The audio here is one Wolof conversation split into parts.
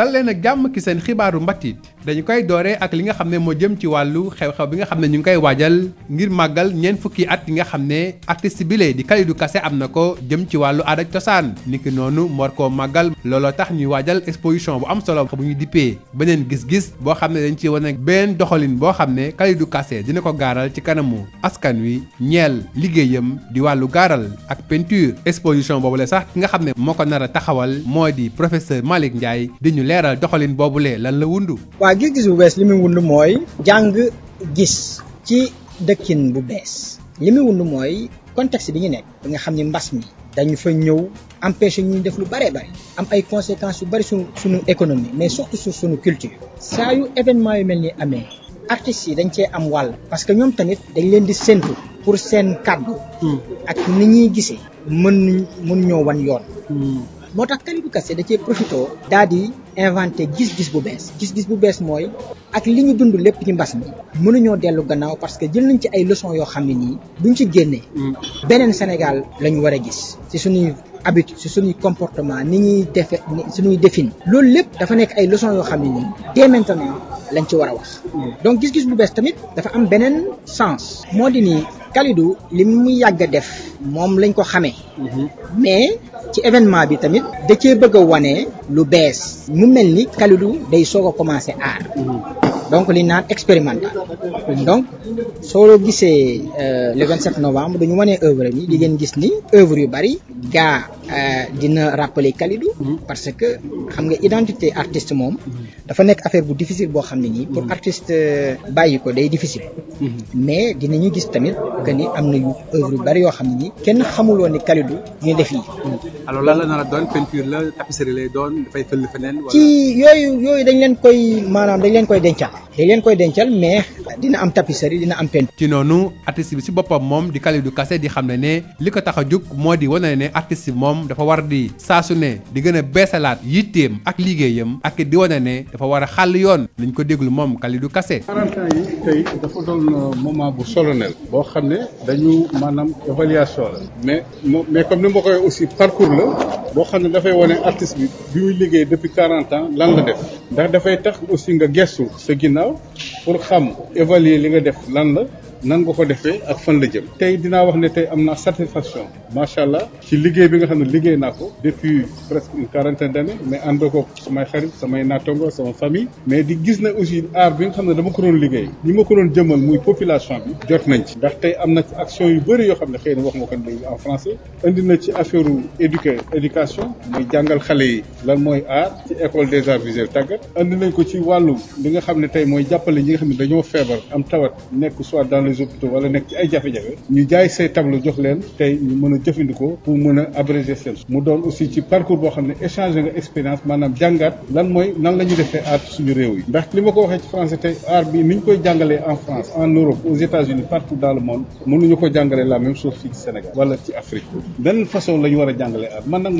dal leen ak jàmm ki seen xibaaru mbatiit dañu koy dooree ak li nga xam ne moo jëm ci wàllu xew-xew bi nga xam ne ñu ngi koy waajal ngir màggal ñeent fukki at ki nga xam ne artiste di Kalidou kase am na ko jëm ci wàllu aada ak cosaan niki noonu mor koo màggal looloo tax ñuy waajal exposition bu am solo bu ñu dippee beneen gis-gis boo xam ne dañ ci wane beneen doxalin boo xam ne Kalidou Kassé dina ko gaaral ci kanamu askan wi ñeel liggéeyam di wàllu gaaral ak peinture exposition boobu la sax ki nga xam ne moo ko nar a taxawal moo di professeur Malick Ndiaye leeral doxalin boobu lee lan la wundu waa gis-gis bu bees li muy wund mooy jàng gis ci dëkkin bu bees li muy mooy contexte bi ñu nekk bi nga xam ni mbas mi dañu fa ñëw empêché ñuy def lu bëree bëri am ay conséquences yu bëri suñu suñu économie mais surtout sur suñu culture saa yu événement yu mel nii amee artistes yi dañ cee am wàll parce que ñoom tamit dañ leen di séntu pour seen kàddu hmm. ak ni ñuy gisee mën mën ñoo wan yoon hmm. moo tax Kalidou Kassé da cee profité daal di inventé gis-gis bu bees gis-gis bu bees mooy ak li ñu dund lépp ci mbas mi mënuñoo dellu gannaaw parce que jël nañ ci ay leçons yoo xam ne nii buñ ci génnee mm. beneen Sénégal lañu war a gis ci suñuy habitude si suñuy comportement ni ñuy defe suñuy defin loolu lépp dafa nekk ay leçons yoo xam ni nii dès maintenant lañ ci war a wax donc gis-gis lu bees tamit dafa am beneen sens moo di nii Kalidou li mu yàgg a def moom lañ ko xamee mais ci événement bi tamit da cee bëgg a wane lu bees mu mel ni Kalidou day soog a commencé aar donc li naan expérimental donc soo la gisee euh, le 27 novembre dañu wane œuvre yi di ngeen gis ni heuvre yu bari gaa Euh, dina rappeler Kalidou. Mm-hmm. parce que xam nga identité artiste moom. dafa nekk affaire bu difficile boo xam ne nii. pour mm-hmm. artiste euh, bàyyi ko day difficile. Mm-hmm. mais ñu gis tamit que ni am na yu œuvre yu bari yoo xam ne nii kenn xamuloo ne Kalidou dina def yi alors lan la nar a doon la tapisserie lay doon yooyu yooyu dañ leen koy maanaam dañ leen koy dencaat. dañ leen koy dencal mais dina am tapisserie dina am peinture. ci noonu artiste bi si boppam moom di Kalidou Kassé di xam ne ne li ko tax a jóg moo di wane ne artiste bi moom dafa war di saa su ne di gën a beesalaat yitteem ak liggéeyam ak di wane ne dafa war a xàll yoon lañ ko déglu moom Kalidou kase 40 yi tey dafa doon euh, moment bu solennel boo xam ne dañu maanaam évaluation la mais mais comme ni ma koy aussi parcours la boo xam ne dafay wane artiste bi bi muy liggéey depuis 40 ans lan la def ndax dafay tax aussi nga gëstu sa ginnaaw ginnaaw pour xam évaluer li nga def lan la nan nga ko defee ak fan la jëm tey dinaa wax ne tey am naa satisfaction macha allah ci liggéey bi nga xam ne liggéey naa ko depuis presque une quarantaine d'années mais ànd ko samay xarit samay naatango sama famille mais di gis na aussi aar bi nga xam ne dama ko doon liggéey ñi ma ko doon jëmal muy population bi jot nañ ci ndax tey am na action yu bëri yoo xam ne xëy wax nga ko léegi en français indi na ci affaire éduqué éducation mooy jàngal xale yi lan mooy aar école des arts visuels tàggat indi nañ ko ci wàllu li nga xam ne tey mooy jàppale ñi nga xam ne dañoo feebar am tawat nekk soit les hôpitaux nekk ay jafe-jafe ñu jaay say tableau jox leen tey ñu mën a jëfandikoo pour mën a abréger seen mu doon aussi ci parcours boo xam ne échange nga expérience maanaam jàngaat lan mooy nan la defee art suñu réew yi ndax li ma ko waxee ci français tey art bi ni ñu koy jàngalee en France en Europe aux États-Unis partout dans monde mënuñu ko jàngalee la même fii ci Sénégal wala ci Afrique benn façon la war a jàngalee art man nag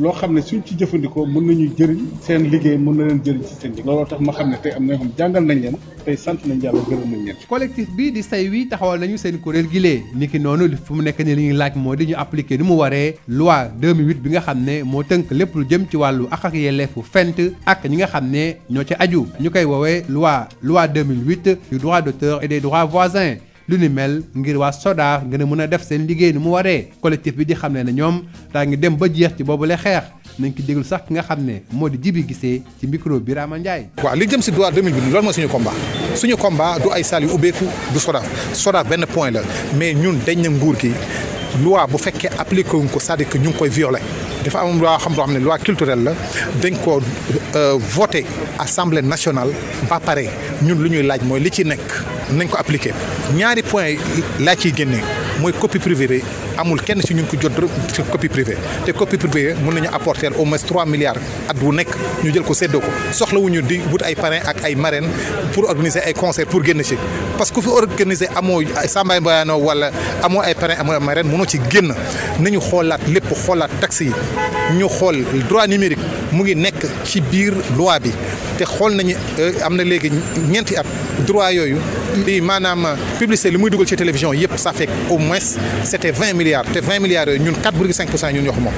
loo xam ne suñ ci jëfandikoo mën nañu jëriñ seen liggéey mën na leen jëriñ ci seen liggéey looloo tax ma xam ne tey am na jàngal nañ leen tey sant nañ yàlla gërëm nañ leen collectif bi di say wi taxawal nañu seen kuréel gi ni ki noonu fu mu nekk ni li ñuy laaj moo di ñu appliqué ni mu waree loi 2008 bi nga xam ne moo tënk lépp lu jëm ci wàllu ak ak yelleefu fent ak ñi nga xam ne ñoo ci aju ñu koy woowee luwaa loi 2008 du droit d'auteur et des droits lu ni mel ngir waa SODAV nga a mën a def seen liggéey ni mu waree collectif bi di xam ne ne ñoom daa ngi dem ba jeex ci boobule xeex nañ ko déglu sax ki nga xam ne moo di jibi gisee ci micro bi Birama Ndiaye. waaw li jëm si droit dem bi loolu mooy suñu combat suñu combat du ay salle yu ubbeeku du SODAV SODAV benn point la mais ñun dañ na nguur gi loi bu fekkee appliqué wuñ ko cest à koy violé dafa am loi xam loo xam ne loi culturelle la dañ ko euh, voté assemblée nationale ba pare ñun lu ñuy laaj mooy li ci nekk. nañ ko appliqué ñaari point laa ciy génne mooy copie privée bi amul kenn ci ñun ko jot ci copie privée te copie privée mën nañu apporter au moins trois milliards at wu nekk ñu jël ko séddoo ko soxlawuñu di wut ay parrain ak ay marraine pour organiser ay concert pour génn ci parce que ku fi organiser amoo Samba Mbayano wala amoo ay parrain amoo ay marraine mënoo ci génn nañu xoolaat lépp xoolaat taxes yi ñu xool droit numérique mu ngi nekk ci biir loi bi te xool nañu euh, am na léegi ñeenti at. droit yooyu di maanaam publicité li muy dugal ci télévision yëpp sa fait au moins c' était vingt milliards te milliards yooyu ñun quatre virgule cinq pour cent ñun ñoo ko moom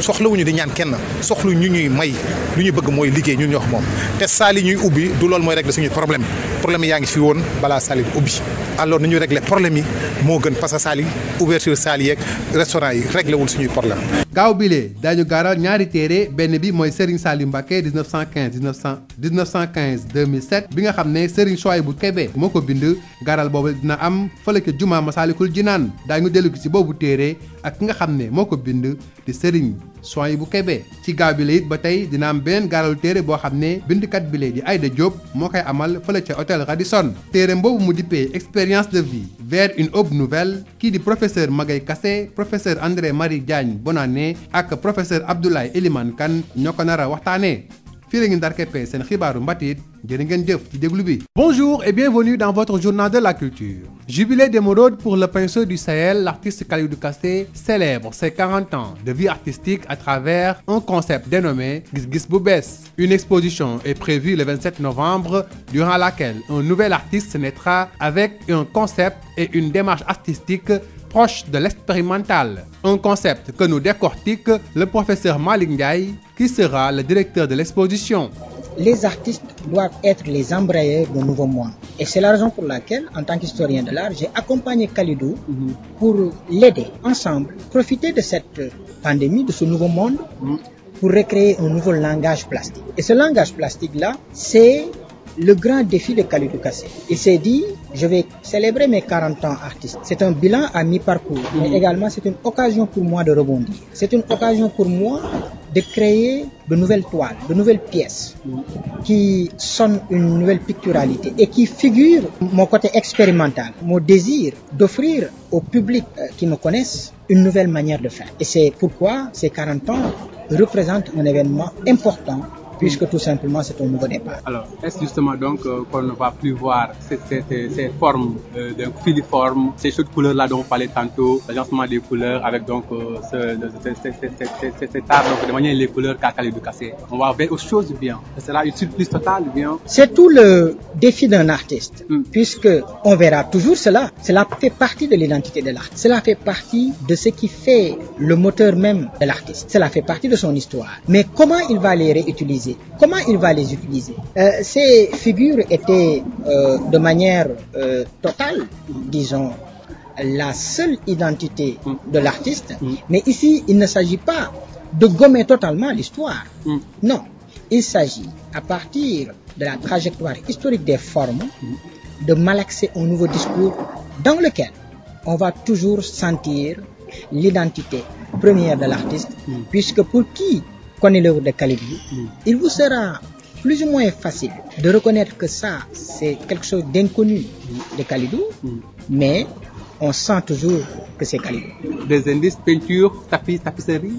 soxlawuñu di ñaan kenn soxlu ñu ñuy may lu ñu bëgg mooy liggéey ñun ñoo ko moom te saali ñuy ubbi du lool mooy régler suñu problème problème yaa ngi fi woon balaa saali di ubbi alors nañu régler problème yi moo gën parce que saal yi ouverture saal yeeg restaurant yi réglé wul suñuy problème bi bilee daañu gaaral ñaari téere benn bi mooy Serigne Saliou Mbacké 1915 1915 2007 bi nga xam ne Serigne bu Kébé moo ko bind gaaral boobu dina am fële ca jumaa Masaalikul Jinaan daañu dellu ci boobu téere ak ki nga xam ne moo ko bind di Serigne yi bu kebe ci gaaw bi la it ba tey dina am beneen gaalalu téere boo xam ne bindkat bi la di Aïda Diop moo koy amal fële ca hôtel Radisson téere boobu mu dippee expérience de vie vers une aube nouvelle kii di professeur Magaye Kassé professeur André Marie Diagne Bonané ak professeur Abdoulaye Elimane kan ñoo ko nar a waxtaanee fii la ngi ndar seen xibaaru mbatiit jërë ngeen jëf ci déglu bi. Bonjour et bienvenue dans votre journal de la culture. Jubilé d'émeraude pour le pinceur du Sahel, l'artiste Khalidou Kassé célèbre ses 40 ans de vie artistique à travers un concept dénommé Gis Gis bu Bees. Une exposition est prévue le 27 novembre durant laquelle un nouvel artiste naîtra avec un concept et une démarche artistique proche de l'expérimental. Un concept que nous décortique le professeur Malick Ndiaye qui sera le directeur de l'exposition. Les artistes doivent être les embrayeurs de nouveau monde. Et c'est la raison pour laquelle, en tant qu'historien de l'art, j'ai accompagné Khalidou mm -hmm. pour l'aider ensemble, profiter de cette pandémie, de ce nouveau monde, mm -hmm. pour recréer un nouveau langage plastique. Et ce langage plastique-là, c'est le grand défi de Khalidou Kassé. Il s'est dit, je vais célébrer mes 40 ans artistes. C'est un bilan à mi-parcours, mais mhm. également c'est une occasion pour moi de rebondir. C'est une occasion pour moi de créer de nouvelles toiles, de nouvelles pièces qui sonnent une nouvelle picturalité et qui figurent mon côté expérimental, mon désir d'offrir au public euh, qui me connaissent une nouvelle manière de faire. Et c'est pourquoi ces 40 ans représentent un événement important puisque tout simplement c'est un nouveau départ. Alors, est-ce justement donc euh, qu'on ne va plus voir ces, ces, euh, de manière de Ce sera une surprise le défi d'un artiste, mm. puisque on verra toujours cela. Cela fait partie de l'identité de l'artiste. Cela fait partie de ce qui fait le moteur même de l'artiste. Cela fait partie de son histoire. Mais comment il va les réutiliser utiliser, comment il va les utiliser. Euh, ces figures étaient euh, de manière euh, totale, disons, la seule identité de l'artiste, mm. mm. mais ici, il ne s'agit pas de gommer totalement l'histoire. Mm. Non, il s'agit, à partir de la trajectoire historique des formes, mm. de malaxer un nouveau discours dans lequel on va toujours sentir l'identité première de l'artiste, mm. puisque pour qui connaît l'œuvre de Khalidi, hmm. il vous sera plus ou moins facile de reconnaître que ça, c'est quelque chose d'inconnu de Khalidou, hmm. hmm. mais on sent toujours que c'est Khalidou. Des indices, peinture, tapis, tapisserie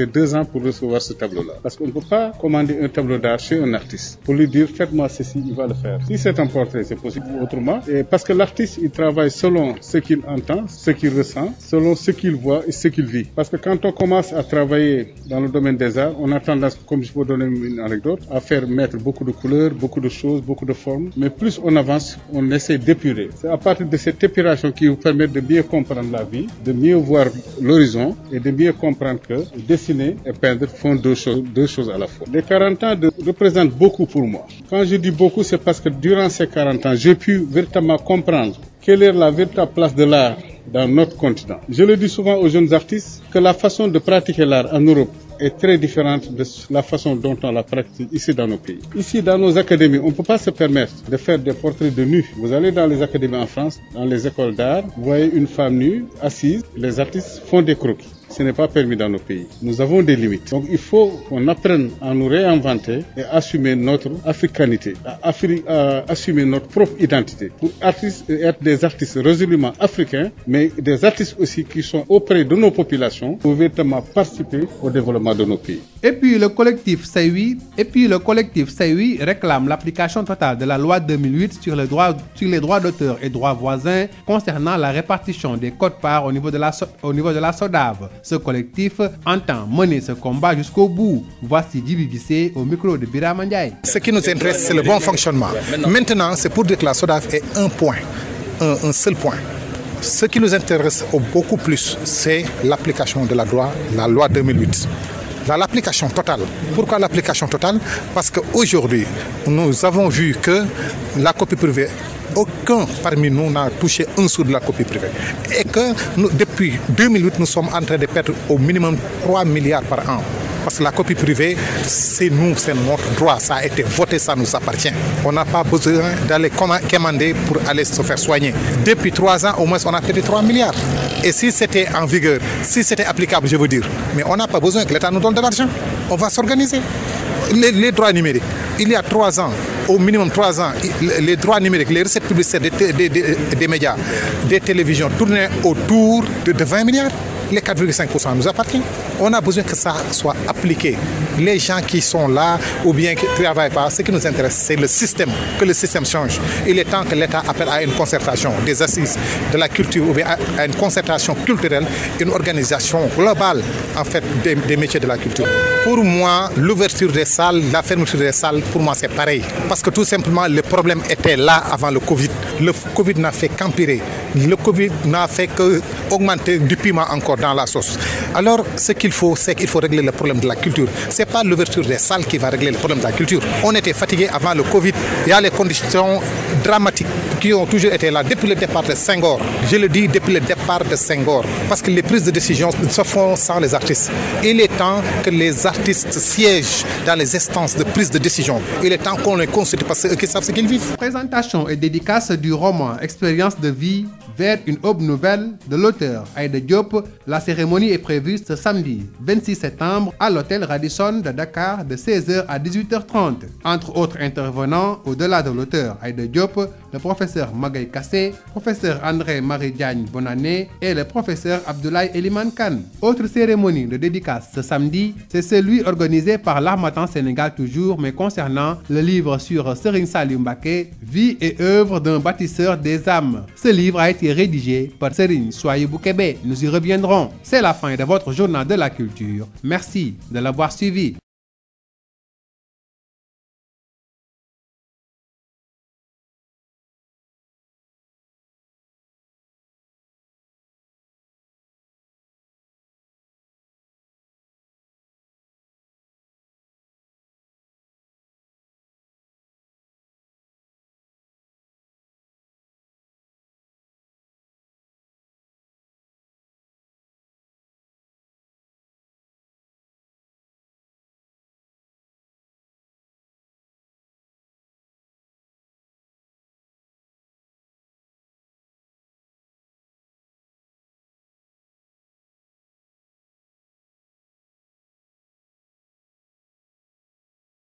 rester deux ans pour recevoir Parce qu'on ne peut pas commander un tableau d'art chez un artiste pour lui dire faites-moi ceci, il va le parce que l'artiste, il travaille selon ce qu'il ressent, selon ce qu'il voit et ce qu'il vit. Parce que quand on commence à travailler dans le domaine des arts, on a tendance, comme je peux donner une anecdote, à faire mettre beaucoup de couleurs, beaucoup de choses, beaucoup de formes. Mais plus on avance, on essaie d'épurer. C'est à partir de dessiner et peindre font deux choses, deux choses à la fois. Les 40 ans représentent beaucoup pour moi. Quand je dis beaucoup, c'est parce que durant ces 40 ans, j'ai pu véritablement comprendre quelle est la véritable place de l'art dans notre continent. Je le dis souvent aux jeunes artistes que la façon de pratiquer l'art en Europe est très différente de la façon dont on la pratique ici dans nos académies, les académies en France, dans les écoles d'art, vous une femme nue, ce n'est pas permis dans nos pays. Nous avons des limites. Donc il faut qu'on apprenne à nous réinventer et assumer notre africanité, à, assumer notre propre identité. Pour artistes, être des artistes résolument africains, mais des artistes aussi qui sont auprès de nos populations pour véritablement participer au développement de nos pays. Et puis le collectif Saïwi, et puis réclame l'application totale de la loi 2008 sur, le droit, sur les droits d'auteur et droits voisins concernant la répartition des codes parts au niveau de la, au niveau de la SODAV. Ce collectif entend mener ce combat jusqu'au bout. Voici Djibi Guissé au micro de Birama Ndiaye. Ce qui nous intéresse, c'est le bon fonctionnement. Maintenant, c'est pour dire que la SODAF est un point, un, un seul point. Ce qui nous intéresse beaucoup plus, c'est l'application de la loi, la loi 2008 l'application totale. Pourquoi l'application totale Parce nous avons vu que la copie privée aucun parmi nous n'a touché un sou de la copie privée. Et que depuis nous sommes en train de perdre au minimum 3 par an. Parce que la copie privée, c'est notre droit. Ça a nous appartient. On n'a pas besoin d'aller commander pour aller se faire soigner. Depuis trois ans, au moins, on a perdu 3 milliards. Et si c'était en vigueur, si c'était applicable, je veux dire. Mais on n'a pas besoin que l'État nous donne de l'argent. On va s'organiser. Les, droits numériques. au minimum trois ans les droits numériques les recettes publicitaires des, des, des, des médias des télévisions tournaient autour de, de 20 milliards les 4,5 pour cent nous appartient on a besoin que ça soit appliqué les gens qui sont là ou bien qui ne travaillent pas. Ce qui nous intéresse, c'est le système, que le système change. Il est temps que l'État appelle à une concertation des assises de la culture ou bien à une concertation culturelle, une organisation globale en fait des, métiers de la culture. Pour moi, l'ouverture des salles, la fermeture des salles, pour moi c'est pareil. Parce que tout simplement, les problème était là avant le Covid. Le Covid n'a fait qu'empirer. Le dans la sauce. Alors, ce qu'il faut, c'est qu'il faut régler le la culture. pas l'ouverture des salles qui va régler le problème de la culture. On était fatigué avant le Covid. Il y a les conditions dramatiques qui ont toujours été là depuis le départ de Senghor. Je le dis depuis le départ de Senghor. Parce que les prises de décision se font sans les artistes. Il est temps que les artistes siègent dans les instances de prise de décision. Il est temps qu'on les consulte parce qu'ils savent ce qu'ils vivent. Présentation et dédicace du roman Expérience de vie vers une aube nouvelle de l'auteur Aïda Diop. La cérémonie est prévue ce samedi 26 septembre à l'hôtel Radisson de Dakar de 16 à 18h30. Entre autres intervenants, au-delà de l'auteur Aïda Diop, le professeur Magay Kassé, professeur André-Marie Diagne Bonané et le professeur Abdoulaye Eliman Khan. Autre cérémonie de dédicace ce samedi, c'est celui organisé par l'Armatan Sénégal toujours, mais concernant le livre sur Serigne Saliou Vie et œuvre d'un bâtisseur des été rédigé par Serine Nous y reviendrons. C'est la fin de votre journal de la culture. Merci de l'avoir suivi.